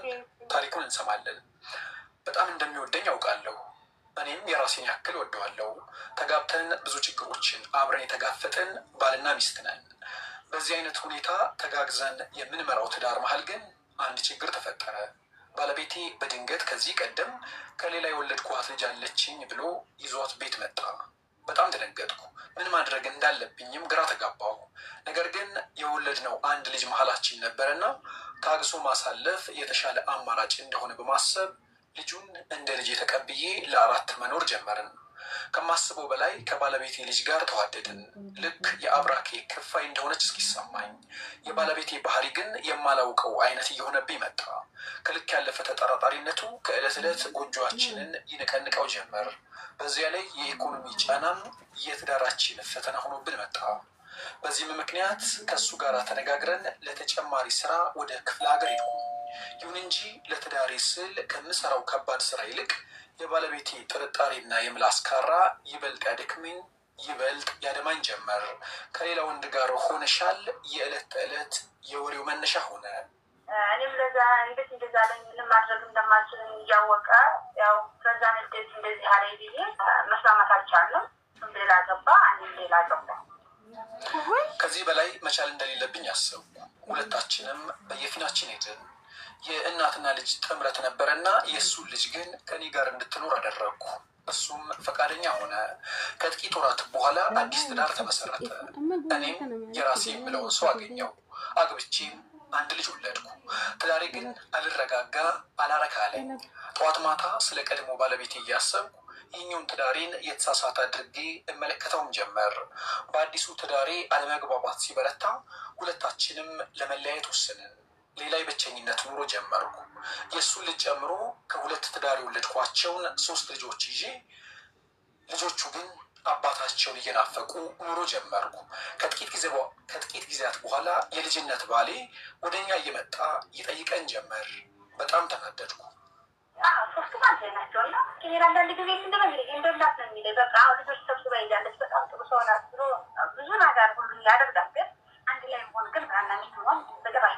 ተገናኝተን ታሪኩን እንሰማለን። በጣም እንደሚወደኝ ያውቃለሁ። እኔም የራሴን ያክል ወደዋለሁ። ተጋብተን ብዙ ችግሮችን አብረን የተጋፈጥን ባልና ሚስት ነን። በዚህ አይነት ሁኔታ ተጋግዘን የምንመራው ትዳር መሀል ግን አንድ ችግር ተፈጠረ። ባለቤቴ በድንገት ከዚህ ቀደም ከሌላ የወለድኳት ልጅ አለችኝ ብሎ ይዟት ቤት መጣ። በጣም ደነገጥኩ። ምን ማድረግ እንዳለብኝም ግራ ተጋባሁ። ነገር ግን የወለድነው አንድ ልጅ መሀላችን ነበረና ታግሶ ማሳለፍ የተሻለ አማራጭ እንደሆነ በማሰብ ልጁን እንደ ልጅ ተቀብዬ ለአራት መኖር ጀመርን። ከማስበው በላይ ከባለቤቴ ልጅ ጋር ተዋደድን። ልክ የአብራኬ ክፋይ እንደሆነች እስኪሰማኝ፣ የባለቤቴ ባህሪ ግን የማላውቀው አይነት እየሆነብኝ መጣ። ከልክ ያለፈ ተጠራጣሪነቱ ከዕለት ዕለት ጎጆችንን ይነቀንቀው ጀመር። በዚያ ላይ የኢኮኖሚ ጫናም የትዳራችን ፈተና ሆኖብን መጣ። በዚህም ምክንያት ከእሱ ጋር ተነጋግረን ለተጨማሪ ስራ ወደ ክፍለ ሀገር ሄድኩ። ይሁን እንጂ ለትዳሬ ስል ከምሰራው ከባድ ስራ ይልቅ የባለቤቴ ጥርጣሬና የምላስ ካራ ይበልጥ ያደክመኝ ይበልጥ ያደማኝ ጀመር። ከሌላ ወንድ ጋር ሆነሻል የዕለት ተዕለት የወሬው መነሻ ሆነ። እኔም ለዛ እንዴት እንደዛ ለ ምንም ማድረግ እንደማችል እያወቀ ያው ከዛ እንዴት እንደዚህ አለኝ ብዬ መስማማት አልቻልንም። ሌላ ገባ፣ እኔም ሌላ ገባ። ከዚህ በላይ መቻል እንደሌለብኝ አሰብኩ። ሁለታችንም በየፊናችን ሄድን። የእናትና ልጅ ጥምረት ነበረና የእሱን ልጅ ግን ከኔ ጋር እንድትኖር አደረግኩ። እሱም ፈቃደኛ ሆነ። ከጥቂት ወራት በኋላ አዲስ ትዳር ተመሰረተ። እኔም የራሴ የምለውን ሰው አገኘው። አግብቼም አንድ ልጅ ወለድኩ። ትዳሬ ግን አልረጋጋ አላረካለኝ። ጠዋት ማታ ስለ ቀድሞ ባለቤቴ እያሰብኩ ይህኛውን ትዳሬን የተሳሳተ አድርጌ እመለከተውም ጀመር። በአዲሱ ትዳሬ አለመግባባት ሲበረታ ሁለታችንም ለመለያየት ወሰንን። ሌላ የብቸኝነት ኑሮ ጀመርኩ። የእሱን ልጅ ጨምሮ ከሁለት ትዳር የወለድኳቸውን ሶስት ልጆች ይዤ ልጆቹ ግን አባታቸውን እየናፈቁ ኑሮ ጀመርኩ። ከጥቂት ጊዜያት በኋላ የልጅነት ባሌ ወደኛ እየመጣ ይጠይቀን ጀመር። በጣም ተናደድኩ። ሶስቱም ናቸው እና አንዳንድ ጊዜ እንደላት ነው በቃ ልጆች ይዛለች። በጣም ጥሩ ሰው ናት። ብዙ ነገር ሁሉ ያደርጋል። ግን አንድ ላይ መሆን ግን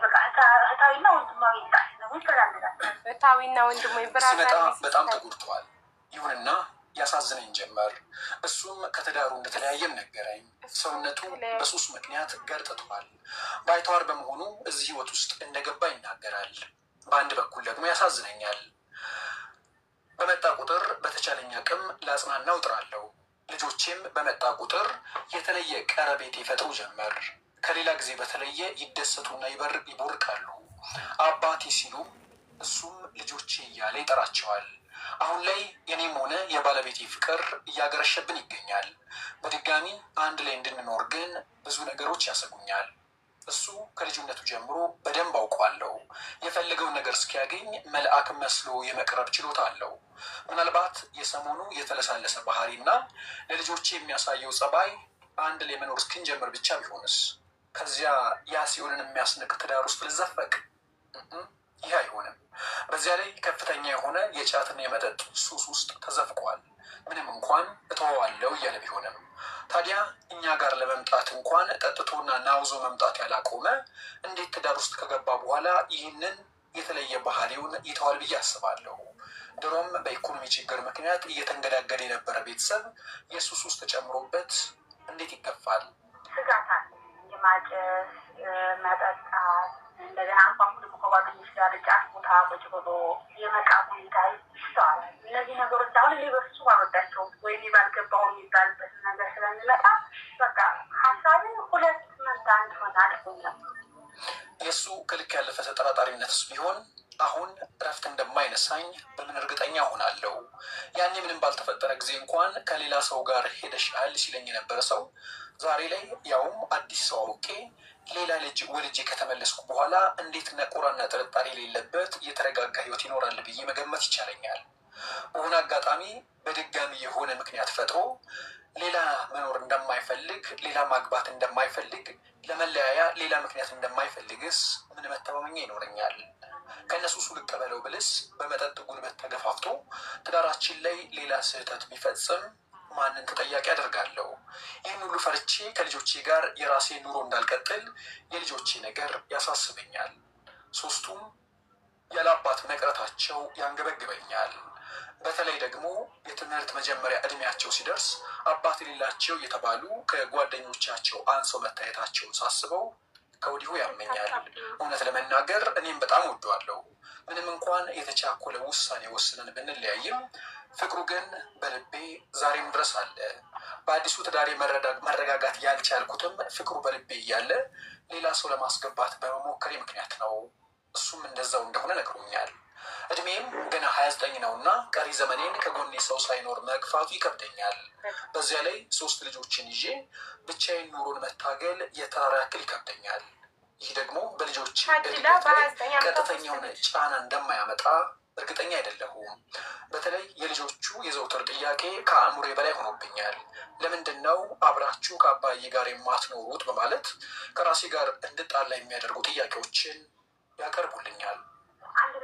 በቃ እህታዊና ወንድማዊ ነው እህታዊና ወንድማዊ በጣም ይሁንና ያሳዝነኝ ጀመር። እሱም ከተዳሩ እንደተለያየም ነገረኝ። ሰውነቱ በሱስ ምክንያት ገርጥቷል። ባይተዋር በመሆኑ እዚህ ህይወት ውስጥ እንደገባ ይናገራል። በአንድ በኩል ደግሞ ያሳዝነኛል። በመጣ ቁጥር በተቻለኝ አቅም ላጽናናው እጥራለሁ። ልጆቼም በመጣ ቁጥር የተለየ ቀረቤት ይፈጥሩ ጀመር። ከሌላ ጊዜ በተለየ ይደሰቱና ይበር ይቦርቃሉ። አባቴ ሲሉ እሱም ልጆቼ እያለ ይጠራቸዋል። አሁን ላይ የኔም ሆነ የባለቤቴ ፍቅር እያገረሸብን ይገኛል። በድጋሚ አንድ ላይ እንድንኖር ግን ብዙ ነገሮች ያሰጉኛል። እሱ ከልጅነቱ ጀምሮ በደንብ አውቋለሁ። የፈለገውን ነገር እስኪያገኝ መልአክ መስሎ የመቅረብ ችሎታ አለው። ምናልባት የሰሞኑ የተለሳለሰ ባህሪ እና ለልጆቼ የሚያሳየው ጸባይ አንድ ላይ መኖር እስክንጀምር ብቻ ቢሆንስ? ከዚያ ያ ሲሆንን የሚያስንቅ ትዳር ውስጥ ልዘፈቅ? ይህ አይሆንም። በዚያ ላይ ከፍተኛ የሆነ የጫትና የመጠጥ ሱስ ውስጥ ተዘፍቋል። ምንም እንኳን እተወዋለሁ እያለ ቢሆንም ታዲያ እኛ ጋር ለመምጣት እንኳን ጠጥቶና ናውዞ መምጣት ያላቆመ እንዴት ትዳር ውስጥ ከገባ በኋላ ይህንን የተለየ ባህሪውን ይተዋል ብዬ አስባለሁ። ድሮም በኢኮኖሚ ችግር ምክንያት እየተንገዳገደ የነበረ ቤተሰብ የሱስ ውስጥ ተጨምሮበት እንዴት ይገፋል? ስጋታል የማጨስ መጠጣት እንደዚህ እንኳን ጓደኞች ጋር ጫት ቦታ ቁጭ ብሎ የመቃም ሁኔታ ይስተዋል። እነዚህ ነገሮች አሁን ሊበሱ አልወዳቸውም ወይም ባልገባው የሚባልበት ነገር ስለሚመጣ በቃ ሀሳብን ሁለት መታ እንዲሆን አድርጎኛል። እሱ ከልክ ያለፈ ተጠራጣሪነት ቢሆን አሁን እረፍት እንደማይነሳኝ በምን እርግጠኛ ሆናለሁ? ያኔ ምንም ባልተፈጠረ ጊዜ እንኳን ከሌላ ሰው ጋር ሄደሻል ሲለኝ የነበረ ሰው ዛሬ ላይ ያውም አዲስ ሰው አውቄ ሌላ ልጅ ወልጄ ከተመለስኩ በኋላ እንዴት ነቆራና ጥርጣሬ የሌለበት የተረጋጋ ህይወት ይኖራል ብዬ መገመት ይቻለኛል። በሆነ አጋጣሚ በድጋሚ የሆነ ምክንያት ፈጥሮ ሌላ መኖር እንደማይፈልግ፣ ሌላ ማግባት እንደማይፈልግ፣ ለመለያያ ሌላ ምክንያት እንደማይፈልግስ ምን መተማመኛ ይኖረኛል? ከነሱሱ ልቀበለው ብልስ በመጠጥ ጉልበት ተገፋፍቶ ትዳራችን ላይ ሌላ ስህተት ቢፈጽም ማንን ተጠያቂ አደርጋለሁ? ይህን ሁሉ ፈርቼ ከልጆቼ ጋር የራሴ ኑሮ እንዳልቀጥል የልጆቼ ነገር ያሳስበኛል። ሶስቱም ያለአባት መቅረታቸው ያንገበግበኛል። በተለይ ደግሞ የትምህርት መጀመሪያ እድሜያቸው ሲደርስ አባት የሌላቸው የተባሉ ከጓደኞቻቸው አንሰው መታየታቸውን ሳስበው ከወዲሁ ያመኛል። እውነት ለመናገር እኔም በጣም ወደዋለሁ። ምንም እንኳን የተቻኮለ ውሳኔ ወስነን ብንለያይም ፍቅሩ ግን በልቤ ዛሬም ድረስ አለ። በአዲሱ ትዳሬ መረጋጋት ያልቻልኩትም ፍቅሩ በልቤ እያለ ሌላ ሰው ለማስገባት በመሞከሬ ምክንያት ነው። እሱም እንደዛው እንደሆነ ነግሮኛል። እድሜም ገና ሀያ ዘጠኝ ነው እና ቀሪ ዘመኔን ከጎኔ ሰው ሳይኖር መግፋቱ ይከብደኛል። በዚያ ላይ ሶስት ልጆችን ይዤ ብቻዬን ኑሮን መታገል የተራራ ያክል ይከብደኛል። ይህ ደግሞ በልጆች ቀጥተኛውን ጫና እንደማያመጣ እርግጠኛ አይደለሁም። በተለይ የልጆቹ የዘውትር ጥያቄ ከአእምሬ በላይ ሆኖብኛል። ለምንድን ነው አብራችሁ ከአባዬ ጋር የማትኖሩት? በማለት ከራሴ ጋር እንድጣላ የሚያደርጉ ጥያቄዎችን ያቀርቡልኛል።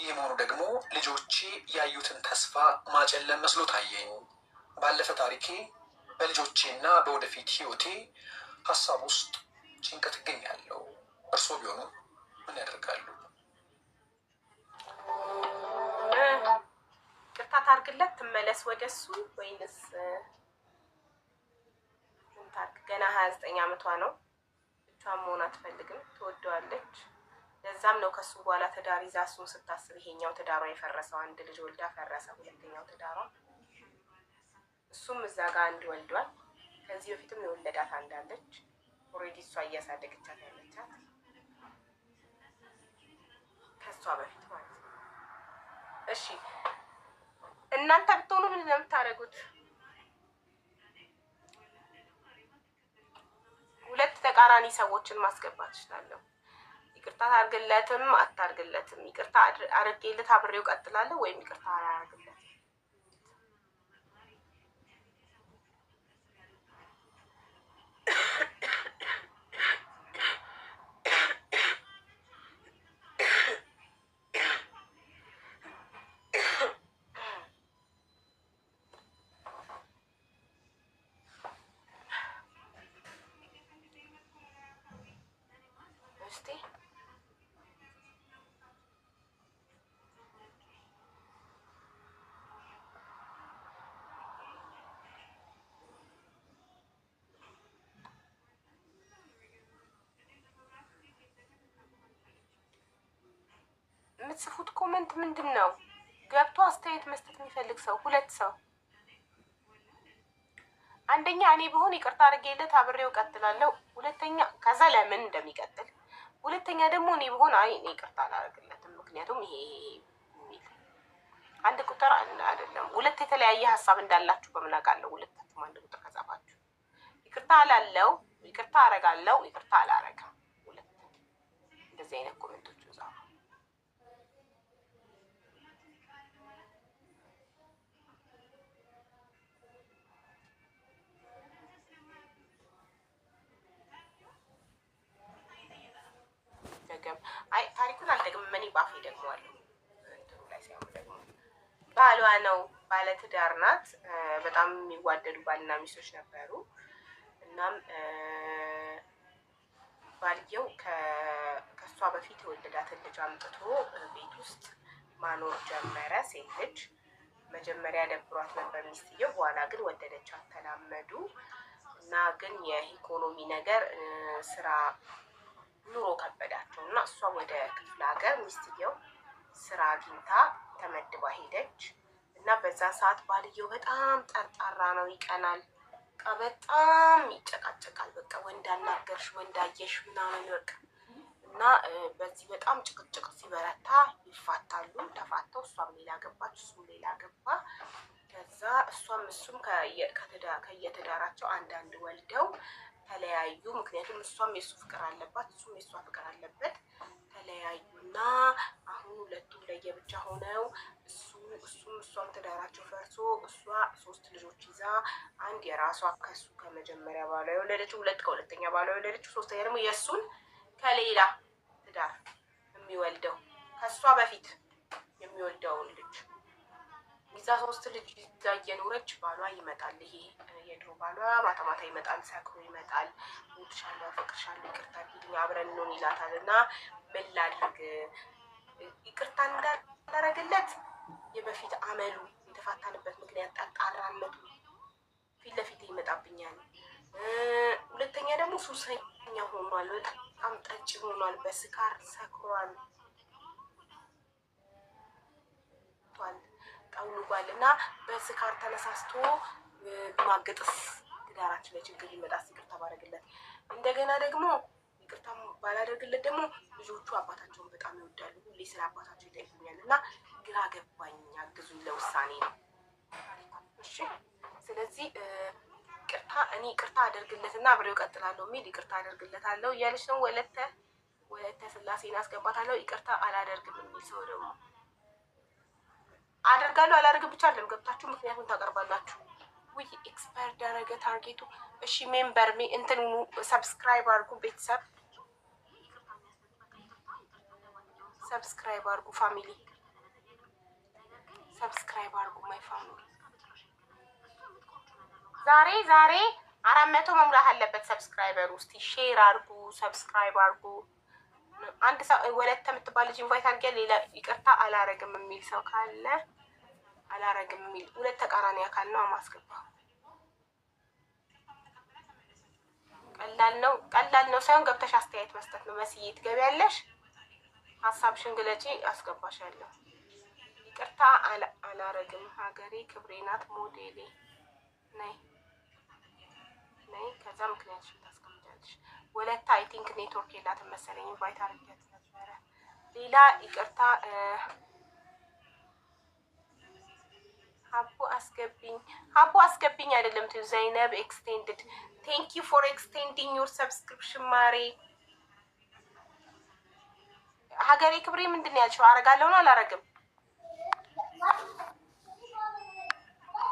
ይህ መሆኑ ደግሞ ልጆቼ ያዩትን ተስፋ ማጨለም መስሎ ታየኝ። ባለፈ ታሪኬ በልጆቼና በወደፊት ህይወቴ ሀሳብ ውስጥ ጭንቀት እገኛለሁ። እርሶ ቢሆኑ ምን ያደርጋሉ? ቅርታ ታርግለት ትመለስ ወደ እሱ ወይንስ ታርግ? ገና ሀያ ዘጠኝ አመቷ ነው። ብቻዋን መሆን አትፈልግም። ትወደዋለች ለዛም ነው ከሱ በኋላ ትዳር ይዛ እሱን ስታስብ ይሄኛው ትዳሯ የፈረሰው አንድ ልጅ ወልዳ ፈረሰ ሁለተኛው ትዳሯ። እሱም እዛ ጋር አንድ ወልዷል። ከዚህ በፊትም የወለዳት አንዳለች ኦልሬዲ እሷ እያሳደገቻት ያለቻት ከእሷ በፊት ማለት ነው። እሺ እናንተ ብትሆኑ ምን ነው የምታደርጉት? ሁለት ተቃራኒ ሰዎችን ማስገባት ይችላለሁ። ይቅርታ ታርግለትም አታርግለትም፣ ይቅርታ አርጌለት አብሬው ቀጥላለሁ ወይም ይቅርታ አላርግለት ስ የምትጽፉት ኮመንት ምንድን ነው? ገብቶ አስተያየት መስጠት የሚፈልግ ሰው ሁለት ሰው አንደኛ እኔ ብሆን ይቅርታ አድርጌለት አብሬው እቀጥላለሁ። ሁለተኛ ከዛ ለምን እንደሚቀጥል ሁለተኛ ደግሞ እኔ ብሆን አይ እኔ ይቅርታ አላደርግለትም ምክንያቱም ይሄ የሚል አንድ ቁጥር አይደለም ሁለት የተለያየ ሀሳብ እንዳላችሁ በምን አውቃለሁ? ሁለታችሁም አንድ ቁጥር ከጻፋችሁ ይቅርታ አላለው፣ ይቅርታ አረጋለው፣ ይቅርታ አላረግም፣ ሁለት እንደዚህ አይነት ኮሜንቶች ባፌ ደግሟለሁ። ባሏ ነው፣ ባለትዳር ናት። በጣም የሚዋደዱ ባልና ሚስቶች ነበሩ። እናም ባልየው ከእሷ በፊት የወለዳትን ልጅ አምጥቶ ቤት ውስጥ ማኖር ጀመረ። ሴት ልጅ መጀመሪያ ደብሯት ነበር ሚስትየው፣ በኋላ ግን ወደደች። አተላመዱ እና ግን የኢኮኖሚ ነገር ስራ ኑሮ ከበዳቸው እና እሷ ወደ ክፍለ ሀገር ሚስትየው ስራ አግኝታ ተመድባ ሄደች እና በዛ ሰዓት ባልየው በጣም ጠርጣራ ነው፣ ይቀናል፣ በቃ በጣም ይጨቃጨቃል። በቃ ወንዳናገርሽ ወንዳየሽ ምናምን በቃ እና በዚህ በጣም ጭቅጭቅ ሲበረታ ይፋታሉ። ተፋተው እሷም ሌላ ገባች፣ እሱም ሌላ ገባ። ከዛ እሷም እሱም ከየትዳራቸው አንዳንድ ወልደው ተለያዩ። ምክንያቱም እሷም የሱ ፍቅር አለባት፣ እሱም የእሷ ፍቅር አለበት። ተለያዩና አሁን ሁለቱም ለየብቻ ሆነው እሱ እሱም እሷም ትዳራቸው ፈርሶ እሷ ሶስት ልጆች ይዛ አንድ የራሷ ከሱ ከመጀመሪያ ባሏ የወለደችው ሁለት ከሁለተኛ ባሏ የወለደችው ሶስተኛ ደግሞ የእሱን ከሌላ ትዳር የሚወልደው ከእሷ በፊት የሚወልደውን ልጅ እዛ ሶስት ልጅ ይዛ እየኖረች ባሏ ይመጣል። ይሄ የድሮ ባሏ ማታ ማታ ይመጣል፣ ሰክሮ ይመጣል። እወድሻለሁ፣ አፈቅርሻለሁ፣ ይቅርታ ሂድኝ፣ አብረን እንሆን ይላታል። እና ምን ላድርግ ይቅርታ እንዳላረግለት የበፊት አመሉ የተፋታንበት ምክንያት ጠጣራነቱ ፊት ለፊት ይመጣብኛል። ሁለተኛ ደግሞ ሱሰኛ ሆኗል፣ በጣም ጠጭ ሆኗል፣ በስካር ሰክሯል። ጠውልጓል እና በስካር ተነሳስቶ ማገጥስ ትዳራችን ላይ ችግር ይመጣስ? ይቅርታ ባደረግለት እንደገና ደግሞ ይቅርታ ባላደርግለት ደግሞ ልጆቹ አባታቸውን በጣም ይወዳሉ። ሁሌ ስለ አባታቸው ይጠይቁኛል እና ግራ ገባኝ፣ አግዙኝ ለውሳኔ ነው። እሺ ስለዚህ ቅርታ እኔ ይቅርታ እና አብሬው እቀጥላለሁ የሚል ይቅርታ አደርግለት አለው እያለች ነው። ወለተ ወለተ ስላሴን አስገባታለሁ። ይቅርታ አላደርግም የሚል ሰው ደግሞ አደርጋለሁ አላደርግም ብቻ አለም ገብታችሁ ምክንያቱን ታቀርባላችሁ። ውይ ኤክስፓየር ዳረገ ታርጌቱ። እሺ ሜምበር እንትን ሰብስክራይብ አድርጉ ቤተሰብ ሰብስክራይብ አድርጉ ፋሚሊ ሰብስክራይብ አድርጉ ማይ ፋሚሊ። ዛሬ ዛሬ አራት መቶ መሙላት አለበት ሰብስክራይበር ውስጥ ሼር አድርጉ ሰብስክራይብ አድርጉ። አንድ ሰው ወለት የምትባል ልጅ ኢንቫይት አድርጌ ሌላ ይቅርታ አላረግም የሚል ሰው ካለ አላረግም የሚል ሁለት ተቃራኒ አካል ነው ማስገባ። ቀላል ነው ቀላል ነው ሳይሆን ገብተሽ አስተያየት መስጠት ነው። መስዬ ትገቢያለሽ፣ ሀሳብሽን ሽንግለጪ አስገባሻለሁ። ይቅርታ አላረግም፣ ሀገሬ ክብሬ ናት፣ ሞዴሌ ነይ ነይ። ከዛ ምክንያትሽን ሁለት አይ ቲንክ ኔትወርክ የላትም መሰለኝ ኢንቫይት አድርጌያት ነበረ። ሌላ ይቅርታ አቦ አስገብኝ አቦ አስገብኝ አይደለም ቱ ዘይነብ ኤክስቴንድድ ቴንክ ዩ ፎር ኤክስቴንዲንግ ዮር ሰብስክሪፕሽን ማሬ ሀገሬ ክብሬ ምንድን ነው ያልሽው? አረጋለሁ ነው አላረግም?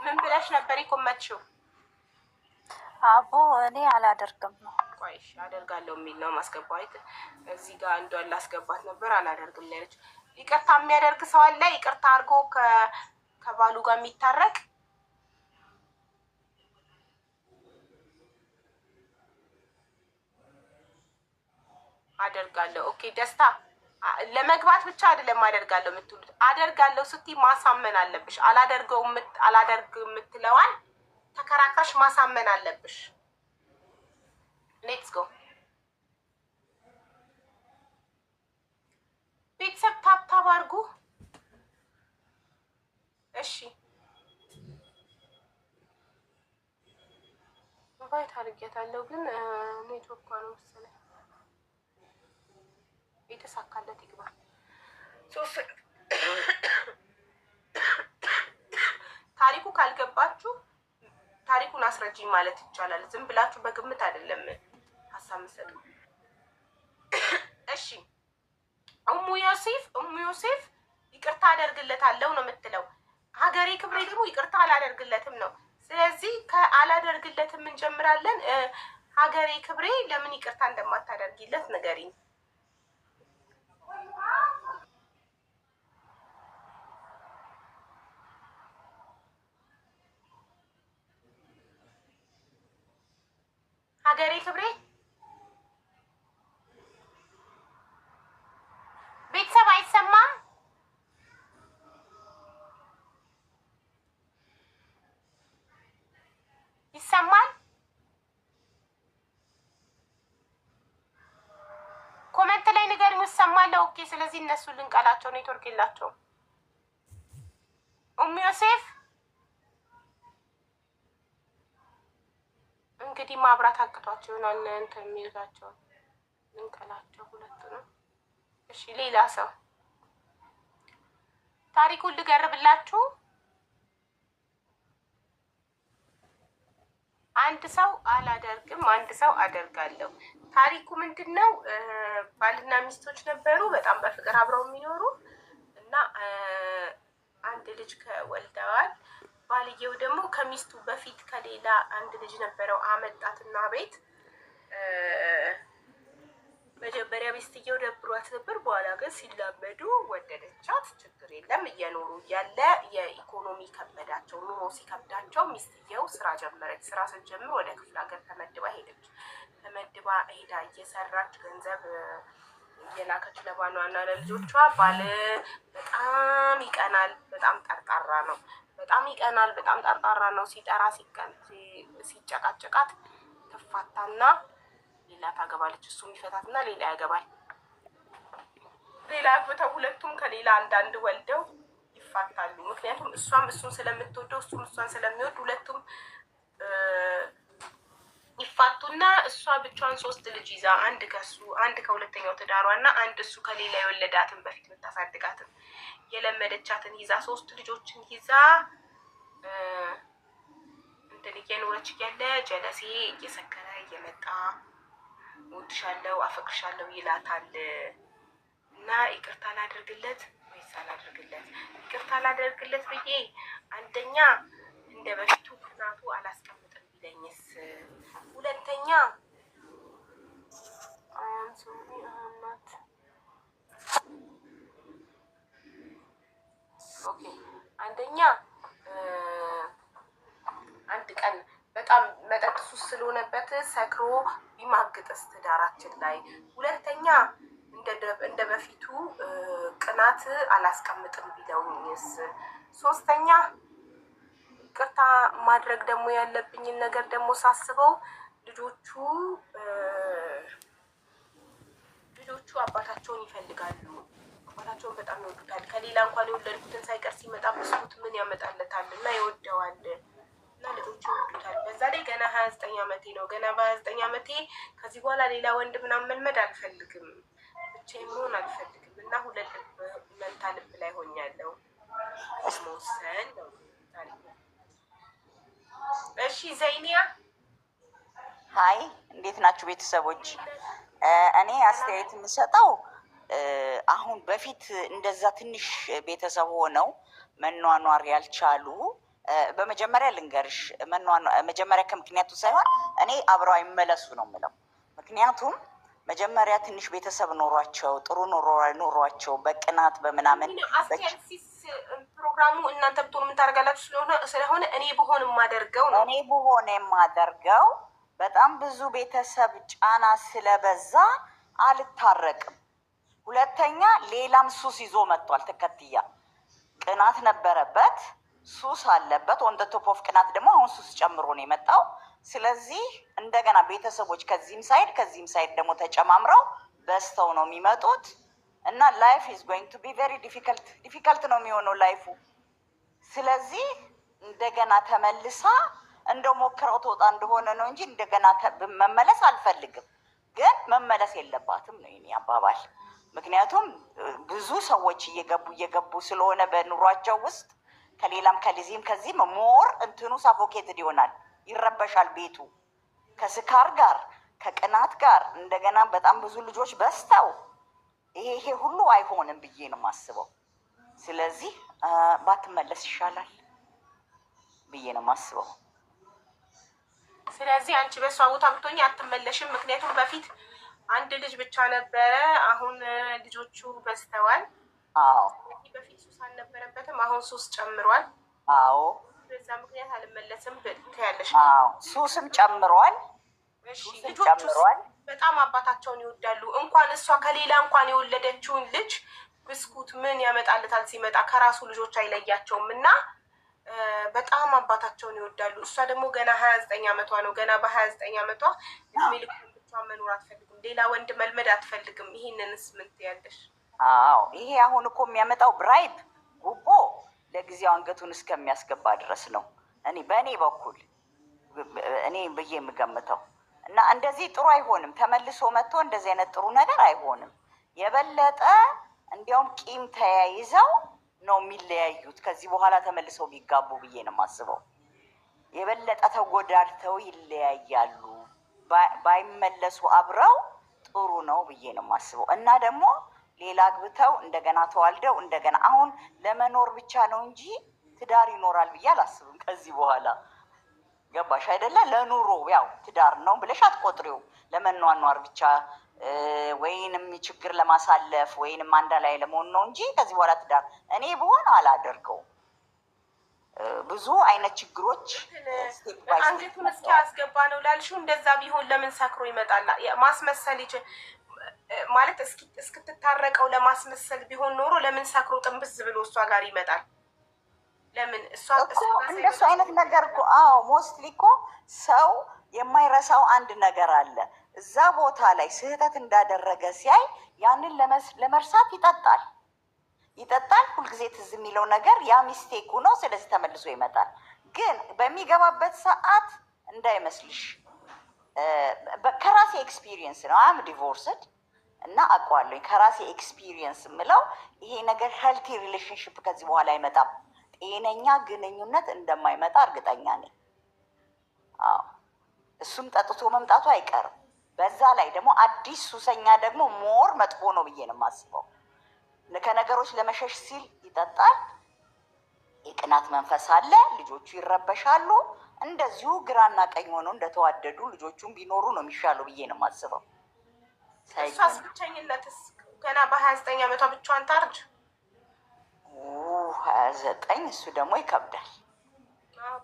ምን ብለሽ ነበር የቆመችው? አቦ እኔ አላደርግም ነው ኳይሽ አደርጋለሁ የሚል ነው ማስገባው። እዚህ ጋር እንዷን ላስገባት ነበር አላደርግም ይቅርታ የሚያደርግ ሰው አለ ይቅርታ አድርጎ ከባሉ ጋር የሚታረቅ አደርጋለሁ። ኦኬ ደስታ ለመግባት ብቻ አይደለም አደርጋለሁ የምትሉት። አደርጋለሁ ስትይ ማሳመን አለብሽ። አላደርገው አላደርግ የምትለዋል ተከራካሽ ማሳመን አለብሽ። ሌትስ ጎ። ቤተሰብ ታብታብ አድርጉ። እሺ ባይት አድርጌታለሁ፣ ግን ኔትወርኳ ነው መሰለኝ። የተሳካለት ይግባ። ታሪኩ ካልገባችሁ ታሪኩን አስረጅኝ ማለት ይቻላል። ዝም ብላችሁ በግምት አይደለም። ሀሳብ መስጠት እሺ እሙ ዮሴፍ እሙ ዮሴፍ ይቅርታ አደርግለታለሁ ነው የምትለው። ሀገሬ ክብሬ ደግሞ ይቅርታ አላደርግለትም ነው። ስለዚህ ከአላደርግለትም እንጀምራለን። ሀገሬ ክብሬ ለምን ይቅርታ እንደማታደርጊለት ንገሪኝ። ሀገሬ ክብሬ ይሰማል? ኮመንት ላይ ንገሪው። ይሰማል? ኦኬ። ስለዚህ እነሱ ልንቀላቸው፣ ኔትወርክ የላቸውም። ኡም ዮሴፍ እንግዲህ ማብራት አቅቷቸው ይሆናል። እንትን የሚይዛቸው ልንቀላቸው ሁለቱ ነው። እሺ ሌላ ሰው ታሪኩን ልገርብላችሁ። አንድ ሰው አላደርግም፣ አንድ ሰው አደርጋለሁ። ታሪኩ ምንድን ነው? ባልና ሚስቶች ነበሩ፣ በጣም በፍቅር አብረው የሚኖሩ እና አንድ ልጅ ከወልደዋል። ባልየው ደግሞ ከሚስቱ በፊት ከሌላ አንድ ልጅ ነበረው፣ አመጣትና ቤት መጀመሪያ ሚስትየው ደብሯት ነበር። በኋላ ግን ሲላመዱ ወደደቻት። ችግር የለም እየኖሩ እያለ የኢኮኖሚ ከበዳቸው፣ ኑሮ ሲከብዳቸው ሚስትየው ስራ ጀመረች። ስራ ስንጀምር ወደ ክፍለ ሀገር ተመድባ ሄደች። ተመድባ ሄዳ እየሰራች ገንዘብ እየላከች ለባሏና ለልጆቿ። ባል በጣም ይቀናል። በጣም ጠርጣራ ነው። በጣም ይቀናል። በጣም ጠርጣራ ነው። ሲጠራ ሲጨቃጨቃት ትፋታና ሌላ ታገባለች፣ እሱም እና ሌላ ያገባል። ሌላ አግብተው ሁለቱም ከሌላ አንዳንድ ወልደው ይፋታሉ። ምክንያቱም እሷም እሱን ስለምትወደው እሱም እሷን ስለሚወድ ሁለቱም ይፋቱና እሷ ብቻዋን ሶስት ልጅ ይዛ አንድ ከሱ አንድ ከሁለተኛው ትዳሯ እና አንድ እሱ ከሌላ የወለዳትን በፊት የምታሳድጋትን የለመደቻትን ይዛ ሶስት ልጆችን ይዛ እንትን እየኖረች እያለ ጀለሴ እየሰከረ እየመጣ እወድሻለሁ፣ አፈቅርሻለሁ ይላታል እና ይቅርታ ላደርግለት ወይስ አላደርግለት? ይቅርታ ላደርግለት ብዬ አንደኛ እንደ በፊቱ ክናቱ አላስቀምጥም ቢለኝስ፣ ሁለተኛ አንደኛ አንድ ቀን በጣም መጠጥ ሱስ ስለሆነበት ሰክሮ ቢማግጥስ ትዳራችን ላይ። ሁለተኛ እንደ በፊቱ ቅናት አላስቀምጥም ቢለውኝስ። ሶስተኛ ቅርታ ማድረግ ደግሞ ያለብኝን ነገር ደግሞ ሳስበው ልጆቹ ልጆቹ አባታቸውን ይፈልጋሉ። አባታቸውን በጣም ይወዱታል። ከሌላ እንኳን የወለድኩትን ሳይቀር ሲመጣ ብስኩት ምን ያመጣለታል እና ይወደዋል። ለምሳሌ ገና ሀያ ዘጠኝ አመቴ ነው። ገና በሀያ ዘጠኝ አመቴ ከዚህ በኋላ ሌላ ወንድ ምናምን መልመድ አልፈልግም፣ ብቻ መሆን አልፈልግም እና ሁለት መንታ ልብ ላይ ሆኛለሁ መወሰን ነው። እሺ ዘይኒያ ሀይ፣ እንዴት ናችሁ ቤተሰቦች? እኔ አስተያየት የምሰጠው አሁን በፊት እንደዛ ትንሽ ቤተሰብ ሆነው መኗኗር ያልቻሉ በመጀመሪያ ልንገርሽ፣ መጀመሪያ ከምክንያቱ ሳይሆን እኔ አብረው አይመለሱ ነው የምለው። ምክንያቱም መጀመሪያ ትንሽ ቤተሰብ ኖሯቸው ጥሩ ኖሯቸው በቅናት በምናምን ፕሮግራሙ እናንተ ብትሆኑ የምታደርጋላችሁ ስለሆነ እኔ ብሆን የማደርገው ነው እኔ ብሆን የማደርገው በጣም ብዙ ቤተሰብ ጫና ስለበዛ አልታረቅም። ሁለተኛ ሌላም ሱስ ይዞ መጥቷል። ተከትያ ቅናት ነበረበት። ሱስ አለበት። ወንደ ቶፕ ኦፍ ቅናት ደግሞ አሁን ሱስ ጨምሮ ነው የመጣው። ስለዚህ እንደገና ቤተሰቦች ከዚህም ሳይድ ከዚህም ሳይድ ደግሞ ተጨማምረው በዝተው ነው የሚመጡት እና ላይፍ ኢዝ ጎይንግ ቱ ቢ ቨሪ ዲፊከልት ዲፊከልት ነው የሚሆነው ላይፉ። ስለዚህ እንደገና ተመልሳ እንደው ሞክረው ተወጣ እንደሆነ ነው እንጂ እንደገና መመለስ አልፈልግም፣ ግን መመለስ የለባትም ነው የእኔ አባባል። ምክንያቱም ብዙ ሰዎች እየገቡ እየገቡ ስለሆነ በኑሯቸው ውስጥ ከሌላም ከዚህም ከዚህም ሞር እንትኑ ሳፎኬትድ ይሆናል፣ ይረበሻል ቤቱ ከስካር ጋር ከቅናት ጋር እንደገና በጣም ብዙ ልጆች በስተው ይሄ ይሄ ሁሉ አይሆንም ብዬ ነው የማስበው። ስለዚህ ባትመለስ ይሻላል ብዬ ነው የማስበው። ስለዚህ አንቺ በእሷ ቦታ ብትሆኚ አትመለሽም። ምክንያቱም በፊት አንድ ልጅ ብቻ ነበረ፣ አሁን ልጆቹ በስተዋል። አዎ በፊት ሱስ አልነበረበትም። አሁን ሱስ ጨምሯል። አዎ በዛ ምክንያት አልመለስም ትያለሽ። አዎ ሱስም ጨምሯል፣ ጨምሯል። በጣም አባታቸውን ይወዳሉ። እንኳን እሷ ከሌላ እንኳን የወለደችውን ልጅ ብስኩት ምን ያመጣልታል ሲመጣ ከራሱ ልጆች አይለያቸውም እና በጣም አባታቸውን ይወዳሉ። እሷ ደግሞ ገና ሀያ ዘጠኝ አመቷ ነው። ገና በሀያ ዘጠኝ አመቷ ሚልክ ብቻ መኖር አትፈልግም። ሌላ ወንድ መልመድ አትፈልግም። ይህንንስ ምን ትያለሽ? አዎ ይሄ አሁን እኮ የሚያመጣው ብራይብ ጉቦ ለጊዜው አንገቱን እስከሚያስገባ ድረስ ነው። እኔ በእኔ በኩል እኔ ብዬ የምገምተው እና እንደዚህ ጥሩ አይሆንም። ተመልሶ መጥቶ እንደዚህ አይነት ጥሩ ነገር አይሆንም። የበለጠ እንዲያውም ቂም ተያይዘው ነው የሚለያዩት። ከዚህ በኋላ ተመልሰው ቢጋቡ ብዬ ነው የማስበው። የበለጠ ተጎዳድተው ይለያያሉ። ባይመለሱ አብረው ጥሩ ነው ብዬ ነው የማስበው እና ደግሞ ሌላ አግብተው እንደገና ተዋልደው እንደገና አሁን ለመኖር ብቻ ነው እንጂ ትዳር ይኖራል ብዬ አላስብም። ከዚህ በኋላ ገባሽ አይደለ? ለኑሮ ያው ትዳር ነው ብለሽ አትቆጥሪው። ለመኗኗር ብቻ ወይንም ችግር ለማሳለፍ ወይንም አንዳ ላይ ለመሆን ነው እንጂ ከዚህ በኋላ ትዳር እኔ ብሆን አላደርገውም። ብዙ አይነት ችግሮች እስኪ እስኪያስገባ ነው ላልሽው፣ እንደዛ ቢሆን ለምን ሰክሮ ይመጣል? ማስመሰል ይችል ማለት እስክትታረቀው ለማስመሰል ቢሆን ኖሮ ለምን ሰክሮ ጥንብዝ ብሎ እሷ ጋር ይመጣል? ለምን እሷ እንደሱ አይነት ነገር እኮ አዎ፣ ሞስትሊ እኮ ሰው የማይረሳው አንድ ነገር አለ። እዛ ቦታ ላይ ስህተት እንዳደረገ ሲያይ ያንን ለመርሳት ይጠጣል ይጠጣል። ሁልጊዜ ትዝ የሚለው ነገር ያ ሚስቴኩ ነው። ስለዚህ ተመልሶ ይመጣል። ግን በሚገባበት ሰዓት እንዳይመስልሽ ከራሴ ኤክስፒሪየንስ ነው አም ዲቮርስድ እና አውቀዋለሁ ከራሴ ኤክስፒሪየንስ የምለው ይሄ ነገር ሄልቲ ሪሌሽንሽፕ ከዚህ በኋላ አይመጣም። ጤነኛ ግንኙነት እንደማይመጣ እርግጠኛ ነኝ። እሱም ጠጥቶ መምጣቱ አይቀርም። በዛ ላይ ደግሞ አዲስ ሱሰኛ ደግሞ ሞር መጥፎ ነው ብዬ ነው የማስበው። ከነገሮች ለመሸሽ ሲል ይጠጣል። የቅናት መንፈስ አለ። ልጆቹ ይረበሻሉ። እንደዚሁ ግራና ቀኝ ሆነው እንደተዋደዱ ልጆቹም ቢኖሩ ነው የሚሻለው ብዬ ነው የማስበው። እሷስ ብቸኝነትስ ገና በሀያ ዘጠኝ ዓመቷ ብቻዋን ታርጅ። ሀያ ዘጠኝ እሱ ደግሞ ይከብዳል።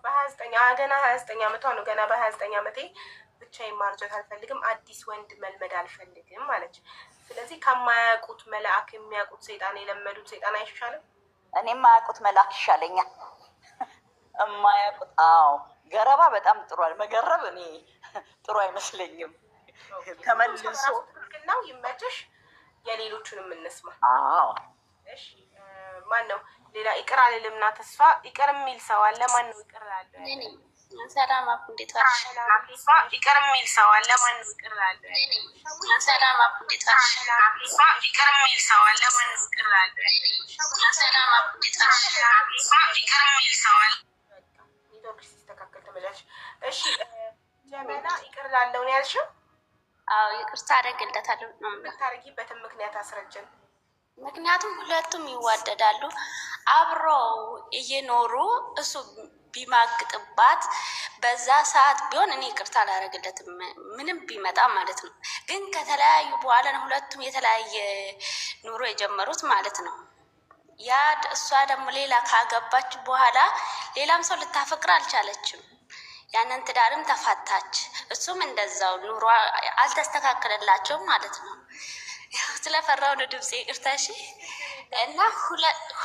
በሀያ ዘጠኝ ገና ሀያ ዘጠኝ ዓመቷ ነው። ገና በሀያ ዘጠኝ ዓመቴ ብቻዬን ማርጀት አልፈልግም፣ አዲስ ወንድ መልመድ አልፈልግም ማለች። ስለዚህ ከማያውቁት መልአክ የሚያውቁት ሰይጣን የለመዱት ሰይጣን አይሻልም? እኔ የማያውቁት መልአክ ይሻለኛል። የማያውቁት አዎ፣ ገረባ በጣም ጥሯል። መገረብ እኔ ጥሩ አይመስለኝም ተመልሶ ነው? ይመችሽ። የሌሎቹንም እንስማ። እሺ ማን ነው ሌላ? ይቅር አልልምና ተስፋ ይቅር የሚል ሰው አለ። ማን ነው ይቅር አለ? ይቅር የሚል ሰው አለ። ማን ነው ይቅር አለ? ሰላም ይቅር የሚል ሰው አለ። ማን ነው ይቅር አለ? ሰላም ይቅር የሚል ሰው አለ። ኔትወርክ ሲስተካከል እሺ ይቅር ላለው ነው ያልሽው? ይቅርታ አደርግለታለሁ። የምታደርጊበትን ምክንያት አስረጅን። ምክንያቱም ሁለቱም ይዋደዳሉ። አብረው እየኖሩ እሱ ቢማግጥባት በዛ ሰዓት ቢሆን እኔ ይቅርታ አላደርግለትም፣ ምንም ቢመጣ ማለት ነው። ግን ከተለያዩ በኋላ ሁለቱም የተለያየ ኑሮ የጀመሩት ማለት ነው። ያ እሷ ደግሞ ሌላ ካገባች በኋላ ሌላም ሰው ልታፈቅር አልቻለችም። ያንን ትዳርም ተፋታች። እሱም እንደዛው ኑሮ አልተስተካከለላቸውም ማለት ነው። ስለፈራው ነው ድምፅ ይቅርታ። እሺ። እና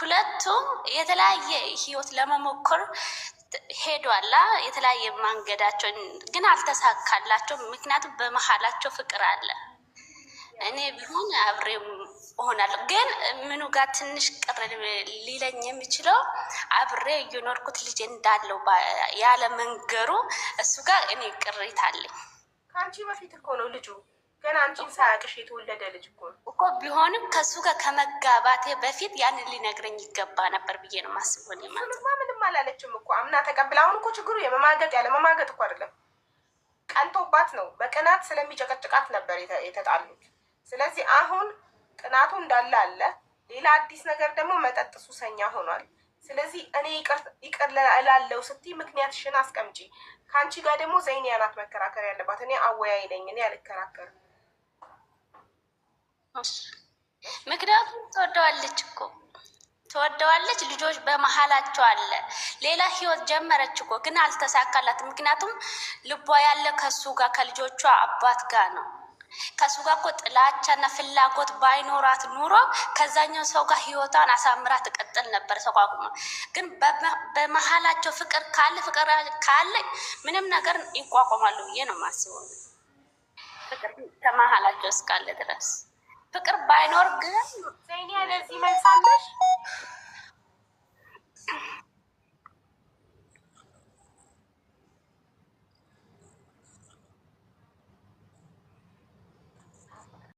ሁለቱም የተለያየ ህይወት ለመሞከር ሄዷላ የተለያየ መንገዳቸው ግን አልተሳካላቸውም። ምክንያቱም በመሀላቸው ፍቅር አለ። እኔ ቢሆን አብሬ እሆናለሁ። ግን ምኑ ጋር ትንሽ ቅር ሊለኝ የሚችለው አብሬ እየኖርኩት ልጅ እንዳለው ያለ መንገሩ እሱ ጋር እኔ ቅሬታ አለኝ። ከአንቺ በፊት እኮ ነው ልጁ ግን አንቺን ሳያቅሽ የተወለደ ልጅ እኮ ነው እኮ። ቢሆንም ከእሱ ጋር ከመጋባቴ በፊት ያንን ሊነግረኝ ይገባ ነበር ብዬ ነው ማስቦን ሆኔማ ምንም አላለችም እኮ አምና ተቀብላ። አሁን እኮ ችግሩ የመማገጥ ያለ መማገጥ እኮ አይደለም፣ ቀንቶባት ነው። በቅናት ስለሚጨቀጭቃት ነበር የተጣሉት። ስለዚህ አሁን ጥናቱ እንዳለ አለ። ሌላ አዲስ ነገር ደግሞ መጠጥ ሱሰኛ ሆኗል። ስለዚህ እኔ ይቅር እላለው ስትይ ምክንያትሽን አስቀምጪ። ከአንቺ ጋር ደግሞ ዘይኒያ ናት መከራከር ያለባት። እኔ አወያይ ነኝ። እኔ አልከራከርም። ምክንያቱም ትወደዋለች እኮ ትወደዋለች። ልጆች በመሀላቸው አለ። ሌላ ህይወት ጀመረች እኮ ግን አልተሳካላት። ምክንያቱም ልቧ ያለ ከሱ ጋር ከልጆቿ አባት ጋር ነው። ከሱጋ ጋር እኮ ጥላቻና ፍላጎት ባይኖራት ኑሮ ከዛኛው ሰው ጋር ህይወቷን አሳምራ ትቀጥል ነበር። ተቋቁመ ግን በመሀላቸው ፍቅር ካለ ፍቅር ካለ ምንም ነገር ይቋቋማሉ ብዬ ነው ማስበው ፍቅር ከመሀላቸው እስካለ ድረስ ፍቅር ባይኖር ግን ዘይኒያ ለዚህ መልሳለሽ